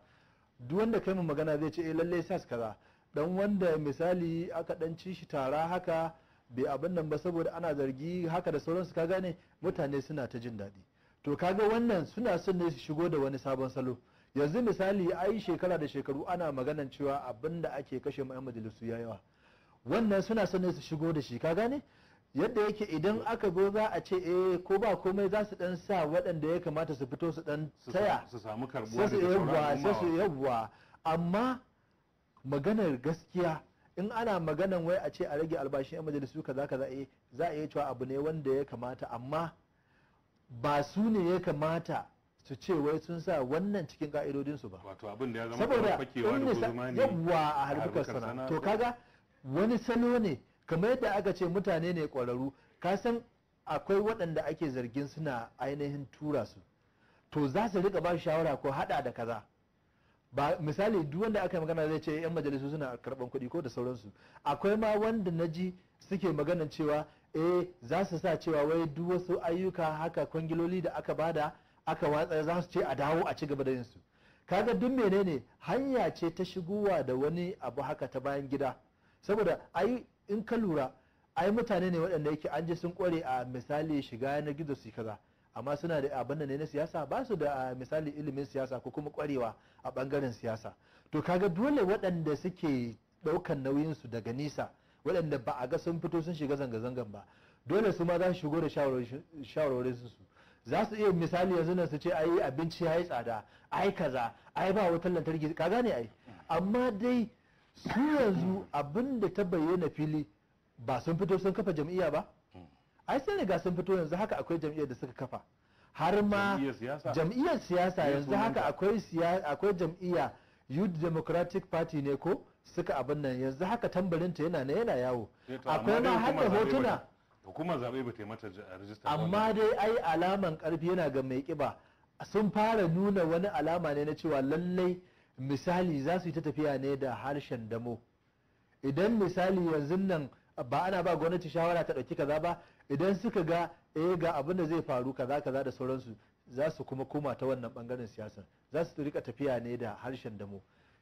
duk wanda kai mu magana zai ce eh lalle sas kaza dan wanda misali aka dan ci shi tara haka bai abin nan ba saboda ana zargi haka da sauransu ka gane mutane suna ta jin daɗi to kaga wannan suna son ne su shigo da wani sabon salo yanzu misali ai shekara da shekaru ana maganan cewa abin da ake kashe ma'yan majalisu ya yawa wannan suna son ne su shigo da shi ka gane yadda yake idan aka zo za a ce eh ko ba komai za su dan sa waɗanda ya kamata su fito su dan taya su samu karbuwa da amma maganar gaskiya in ana maganan wai a ce a rage albashin 'yan majalisu kaza kaza ka eh, za a iya cewa abu ne wanda ya kamata amma ba su ne ya kamata su ce wai sun sa wannan cikin ka'idodinsu ba wato abin da ya zama saboda fakewa da guzuma ne a harkar sana to kaga wani salo ne kamar yadda aka ce mutane ne kwararru ka san akwai waɗanda ake zargin suna ainihin tura su to za su rika ba shawara ko hada da kaza ba misali duk wanda aka magana zai ce yan majalisu suna karban kuɗi ko da sauransu akwai ma wanda na ji suke maganan cewa e za su sa cewa wai duk wasu ayyuka haka kwangiloli da aka bada aka watsa za su ce a dawo a ci gaba da yinsu kaga duk menene hanya ce ta shigowa da wani abu haka ta bayan gida saboda ai in ka lura ai mutane ne waɗanda yake an ji sun kware a misali shiga na gizo su kaza amma suna da abin ne na siyasa ba su da ah, misali ilimin siyasa ko kuma kwarewa a bangaren siyasa to kaga dole waɗanda suke ɗaukan nauyin su daga nisa waɗanda ba a ga sun fito sun shiga zanga-zangan ba dole su ma za su shigo da shawarwari su za su iya misali yanzu nan su ce ai abinci ya yi tsada ai kaza ai ba wutar lantarki ka gane ai amma dai su yanzu abin da ta bayyana fili ba sun fito sun kafa jam'iyya ba ai sun ga sun fito yanzu haka akwai jam'iyyar da suka kafa har ma jam'iyyar siyasa yanzu haka akwai akwai jam'iyya youth democratic party ne ko suka abin nan yanzu haka tambarinta yana na yana yawo eh, akwai ma har hotuna hukumar zaɓe ba ta mata rajista amma dai ai alaman karfi yana ga mai kiba sun fara nuna wani alama ne na cewa lallai misali za su yi ta tafiya ne da harshen damo idan misali yanzu nan ba ana ba gwamnati shawara ta ɗauki kaza ba idan suka ga eh ga abin da zai faru kaza kaza da sauransu za su kuma koma ta wannan bangaren siyasa za su rika tafiya ne da harshen damo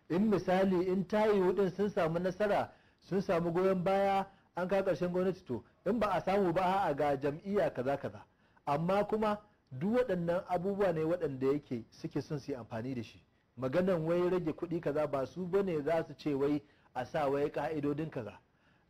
in misali in ta din sun samu nasara sun samu goyon baya an ka karshen gwamnati to in ba a samu ba a ga jam'iyya kaza kaza amma kuma duk waɗannan abubuwa ne waɗanda yake suke son su yi amfani da shi maganan wai rage kuɗi kaza ba su bane za su ce wai a sa wai ka'idodin kaza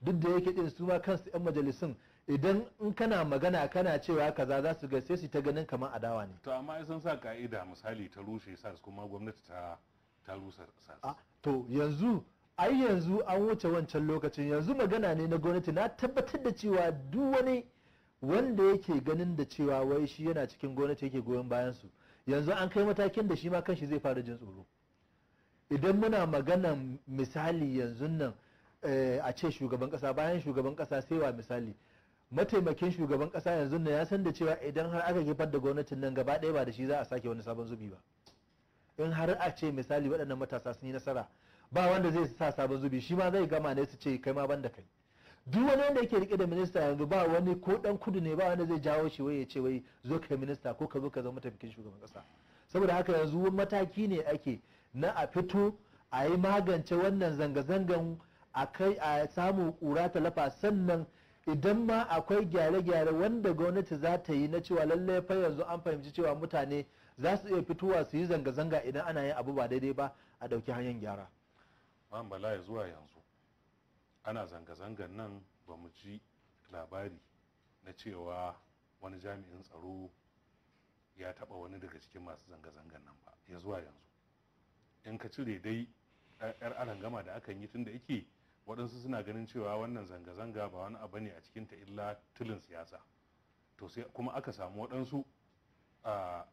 duk da yake din su ma kansu 'yan majalisun idan in kana magana kana cewa kaza za su ga sai su ta ganin kamar adawa ne to amma sun sa ka'ida misali ta rushe sars kuma gwamnati ta rusa sars to yanzu ai yanzu an wuce wancan lokacin yanzu magana ne na gwamnati na tabbatar da cewa duk wani wanda yake ganin da cewa wai shi yana cikin gwamnati yake goyon bayan su yanzu an kai matakin da shi ma kanshi zai fara jin tsoro idan muna maganan misali yanzu nan eh, a ce shugaban kasa bayan shugaban kasa sai wa misali mataimakin shugaban kasa yanzu na ya san da cewa idan har aka gifar da gwamnatin nan gaba ɗaya ba da shi za a sake wani sabon zubi ba in har a ce misali waɗannan matasa sun yi nasara ba wanda zai sa sabon zubi shi ma zai gama ne su ce kai ma ban da kai duk wani wanda yake rike da minista yanzu ba wani ko dan kudu ne ba wanda zai jawo shi wai ya ce wai zo kai minista ko ka zo ka zama mataimakin shugaban kasa saboda haka yanzu mataki ne ake na a fito a yi magance wannan zanga-zangan a kai a samu kura talafa sannan idan ma akwai gyare-gyare wanda gwamnati za ta yi na cewa lallai fa yanzu an fahimci cewa mutane za su iya fitowa su yi zanga-zanga idan ana yin abu ba daidai ba a ɗauki hanyar gyara ma'am bala ya zuwa yanzu ana zanga-zangan nan ba mu ji labari na cewa wani jami'in tsaro ya taɓa wani daga cikin masu zanga-zangan nan ba ya zuwa yanzu in ka cire dai yar alangama da akan yi tun da yake waɗansu suna ganin cewa wannan zanga-zanga ba wani abu ne a cikin ta illa tilin siyasa to sai kuma aka samu waɗansu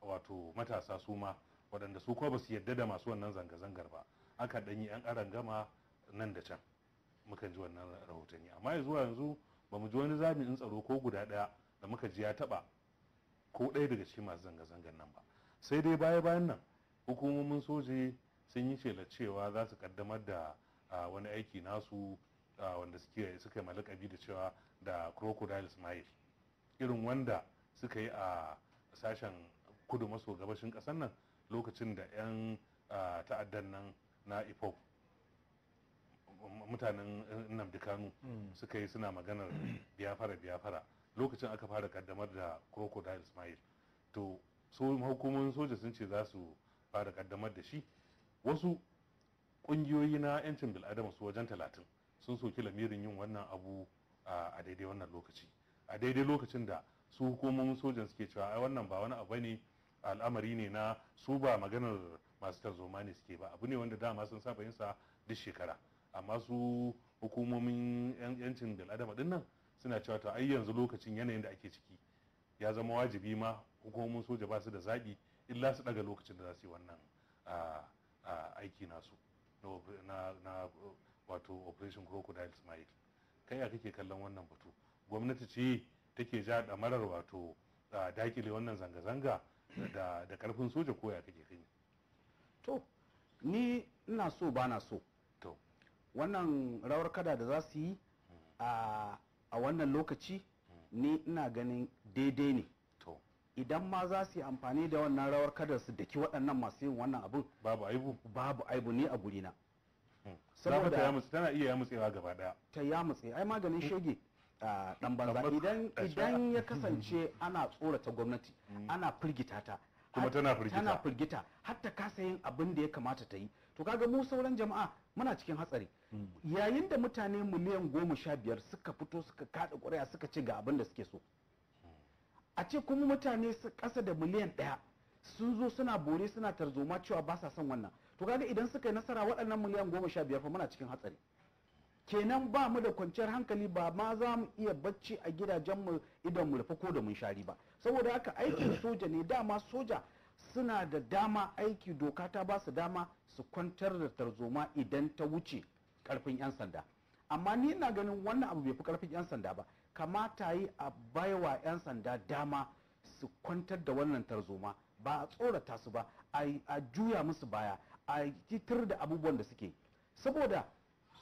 wato matasa su ma waɗanda su ko ba su yadda da masu wannan zanga-zangar ba aka ɗanyi 'yan gama nan da can mukan ji wannan rahotanni amma yanzu zuwa yanzu ba mu ji wani jami'in tsaro ko guda ɗaya da muka ji ya taɓa ko ɗaya daga cikin masu zanga-zangar nan ba sai dai baya bayan nan hukumomin soji sun yi shela cewa za su kaddamar da a wani aiki nasu wanda suke suka yi malakabi da cewa da crocodile smile irin wanda suka yi a sashen kudu maso gabashin ƙasar nan lokacin da 'yan ta'addan nan na ipop mutanen nnamdi kanu hmm. suka yi suna maganar biyafara biyafara lokacin aka fara kaddamar da crocodile smile to hukumomin soja sun ce za su fara kaddamar da shi wasu ƙungiyoyi na 'yancin bil'adama su wajen talatin sun soki lamirin yin wannan abu a daidai wannan lokaci a daidai lokacin da su hukumomin sojan suke cewa a wannan ba wani abu ne al'amari ne na su ba maganar masu tarzoma ne suke ba abu ne wanda dama sun saba yin sa duk shekara amma su hukumomin yancin bil'adama din nan suna cewa to ai yanzu lokacin yanayin da ake ciki ya zama wajibi ma hukumomin soja ba su da zaɓi illa su ɗaga lokacin da za su yi wannan aiki nasu na wato operation crocodile smile kai ya kake kallon wannan batu gwamnati ce take ja damarar wato dakile wannan zanga-zanga da karfin soja ko ya kake kani to ni ina so ba na so to wannan rawar kada da za su yi a wannan lokaci hmm. ni ina ganin daidai ne idan ma za su yi amfani da wannan rawar kada su daki waɗannan masu yin wannan abin babu aibu babu aibu ne a na hmm. saboda ya mutsi tana iya ya mutsewa gaba daya ta ya mutsi ai maganin hmm. shege dan banza idan idan ya kasance ana tsorata gwamnati hmm. ana firgita ta kuma tana firgita tana firgita har ta kasa yin abin da ya kamata ta yi to kaga mu sauran jama'a muna cikin hatsari yayin da mutane miliyan goma sha biyar suka fito suka kada ƙuri'a suka ci ga abin da suke so a ce kuma mutane su kasa da miliyan ɗaya sun zo suna bore suna tarzoma cewa ba sa son wannan to kaga idan suka yi nasara waɗannan miliyan goma sha biyar fa muna cikin hatsari kenan ba mu da kwanciyar hankali ba ma za mu iya bacci a gidajenmu idan mu rufe ko da mun shari ba saboda haka aikin soja ne dama soja suna da dama aiki doka ta ba su dama su kwantar da tarzoma idan ta wuce karfin 'yan sanda amma ni ina ganin wannan abu bai fi karfin 'yan sanda ba kamata yi a baiwa 'yan sanda dama su kwantar da wannan tarzoma ba a tsorata su ba a juya musu baya a titar da abubuwan da suke saboda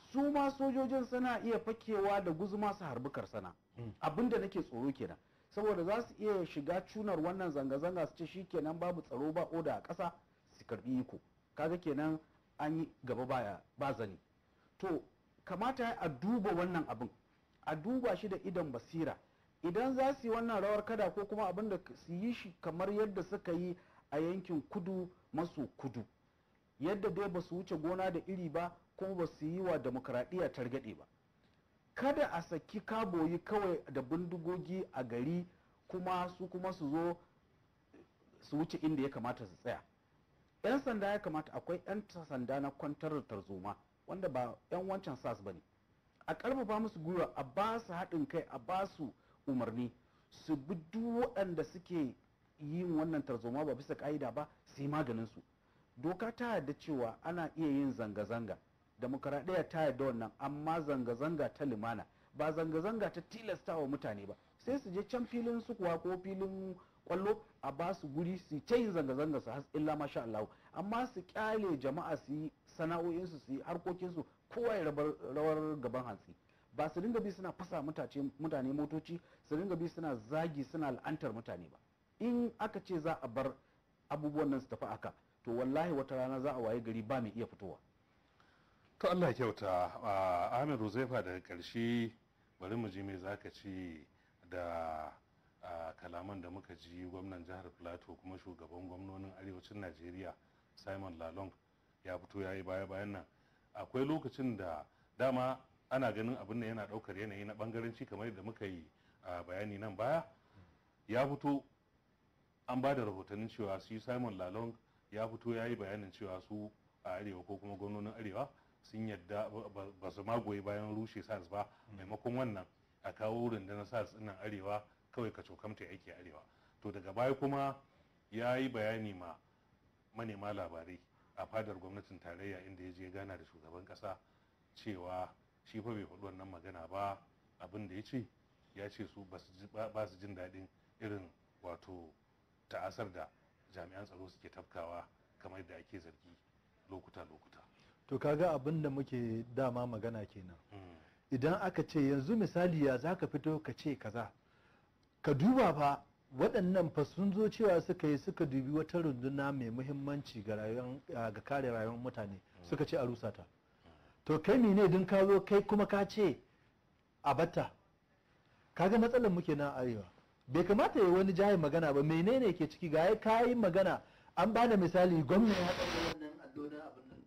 su ma sojojin suna iya fakewa da guzuma su harbi karsana mm. abinda nake tsoro kenan saboda za su iya shiga cunar wannan zanga-zanga su ce shi kenan babu tsaro ba oda a ƙasa su karbi iko kaga kenan an yi gaba ba zani to kamata a duba wannan abin a duba shi da idan basira idan za su yi wannan rawar kada ko kuma abin da su yi shi kamar yadda suka yi a yankin kudu maso kudu yadda dai ba su wuce gona da iri ba kuma ba su yi wa demokradiyya targaɗe ba kada a saki kaboyi kawai da bindigogi a gari kuma su kuma su zo su wuce inda ya kamata su tsaya 'yan sanda ya kamata akwai 'yan sanda na kwantar da tarzoma wanda ba 'yan wancan sas ba ne a karfafa musu gwiwa a ba su haɗin kai a ba su umarni su bi duk waɗanda suke yin wannan tarzoma ba bisa ƙa'ida ba su maganin su doka ta yarda cewa ana iya yin zanga-zanga demokaradiyya ta yarda wannan amma zanga-zanga ta limana ba zanga-zanga ta tilasta wa mutane ba sai su je can filin su kuwa ko filin kwallo a ba su guri su ta yin zanga-zanga su har illa masha Allah amma su kyale jama'a su yi sana'o'insu su yi harkokinsu kowa ya rawar gaban hantsi ba su dinga bi suna fasa mutane motoci su dinga bi suna zagi suna la'antar mutane ba in aka ce za a bar abubuwan nan su tafi aka to wallahi wata rana za a waye gari ba mai iya fitowa to Allah ya kyauta Ahmed Ruzaifa daga karshe bari mu ji me zaka ce da kalaman da muka ji gwamnan jihar Plateau kuma shugaban gwamnonin arewacin Najeriya Simon Lalong ya fito ya yi baya bayan nan akwai lokacin da dama ana ganin abin da yana ɗaukar yanayi na bangaranci kamar yadda muka yi a bayani nan baya ya fito an ba da rahotannin cewa su simon lalong ya fito ya yi bayanin cewa su a arewa ko kuma gwamnonin arewa sun yadda ba su magoyi bayan rushe sars ba mm. maimakon wannan a kawo rundunar sars nan arewa kawai ka cokamta yake arewa to daga baya kuma ya yi bayani ma manema labarai a fadar gwamnatin tarayya inda ya je gana da shugaban kasa cewa shi fa bai faɗi wannan magana ba abin da ya ce ya ce su ba su jin daɗin irin wato ta'asar da jami'an tsaro suke tafkawa kamar da ake zargi lokuta-lokuta to kaga abin da muke dama magana kenan hmm. idan aka ce yanzu misali ya za ka fito ka ce kaza ka duba fa waɗannan fa sun zo cewa suka yi suka dubi wata runduna mai muhimmanci ga kare rayuwar mutane suka ce a rusa to kai ne din kazo kai kuma ka ce a batta kaga matsalar muke na arewa bai kamata ya wani jahin magana ba menene ke ciki ga ya kayi magana an ba misali gwamna ya ɗauki wannan allona abin nan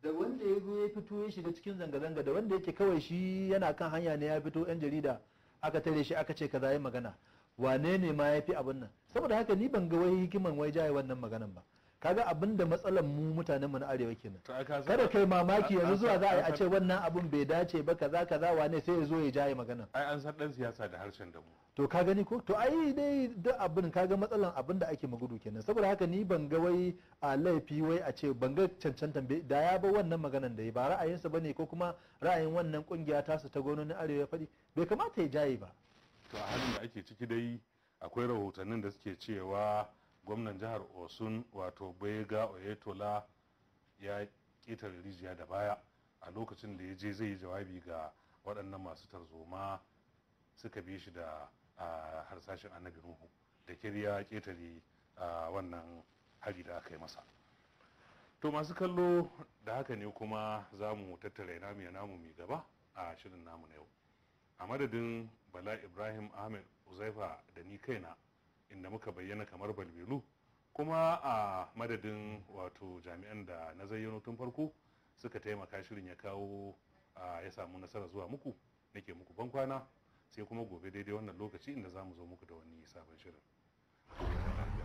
da wanda ya zo ya fito ya shiga cikin zanga-zanga da wanda yake kawai shi yana kan hanya ne ya fito yan jarida aka tare shi aka ce ka yi magana wane ne ma ya fi abin nan saboda haka ni ban ga wai hikiman wai jaye wannan maganan ba kaga abin da matsalan mu mutanen mu na arewa kenan kada kai mamaki yanzu zuwa za a ce wannan abin bai dace ba kaza kaza wane sai ya zo ya jaye magana ai an san dan siyasa da harshen da mu to ka gani ko to ai dai duk abin kaga matsalan abin da ake magudu kenan saboda haka ni ban ga wai a laifi wai a ce ban ga cancantan da ya ba wannan maganan da ya ba ra'ayinsa bane ko kuma ra'ayin wannan kungiya tasu ta gononin arewa ya faɗi bai kamata ya jaye ba to a halin da ake ciki dai akwai rahotannin da suke cewa gwamnan jihar osun wato bega oyetola ya ƙetare rijiya da baya a lokacin da ya je zai yi jawabi ga waɗannan masu tarzoma suka bi shi da harsashin annabi ruhu da kirya ƙetare wannan hari da aka yi masa to masu kallo da haka ne kuma za mu tattara namu ya namu mai gaba a shirin namu na yau a madadin bala ibrahim ahmed uzaifa da ni kaina inda muka bayyana kamar balbelu kuma a madadin wato jami'an da na zayyano tun farko suka taimaka shirin ya kawo ya samu nasara zuwa muku nake muku bankwana sai kuma gobe daidai wannan lokaci inda za mu zo muku da wani sabon shirin